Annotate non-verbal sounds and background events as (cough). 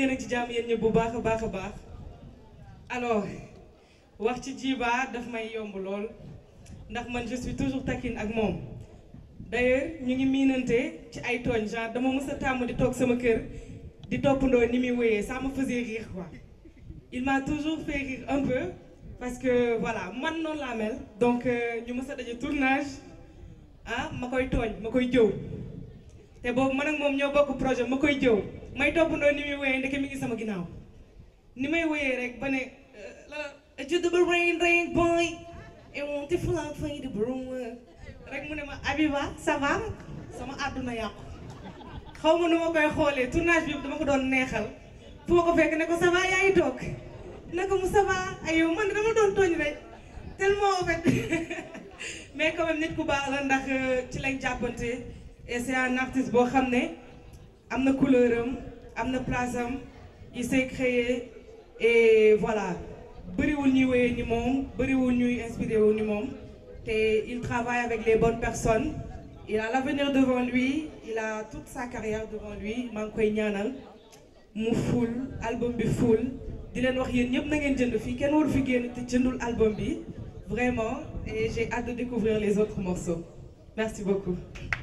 yéen a ngi ci jàmm yéen ñëpp bu baax a baax a baax alors wax ci Djiba daf may yomb lool ndax man je toujours takkin ak moom d'ailleurs ñu ngi miinante ci ay tooñ genre dama mës a tàmm di toog sama kër di toppandoo ni muy wéyee ça me faisait rire quoi il m'a toujours fait rire un peu parce que voilà man noonu laa mel donc euh, ñu mës a daje tournage ah ma koy tooñ ma koy jëw te boobu man ak moom ñoo bokk projet ma koy jëw may toppandoo ni muy woyee ndeke mi ngi sama ginnaaw ni may woyee rek ba ne la judd ba rain rain boy et on te flag fay di borom rek mu ne ma Abiba ça va sama àdduna yàqu xaw ma nu ma koy xoolee tournage bi dama ko doon neexal fu ma ko fekk ne ko ça va yaa ngi toog naka mu ça va ayo man dama doon tooñ rek tellement en fait (laughs) mais quand même nit ku baax la ndax euh, ci lay jàppante et c'est un boo xam ne am na couleur am na place am il s'est créé voilà bëriwul ñuy wéyee ni moom bëriwul ñuy inspiré wu ni moom te il travaille avec les bonnes personnes il a l'avenir devant lui il a toute sa carrière devant lui maa ngi koy ñaanal mu ful album bi ful di leen wax yéen ñëpp na ngeen jënd fii kenn waru fi génn te jëndul album bi vraiment et j'ai hâte de découvrir les autres morceaux merci beaucoup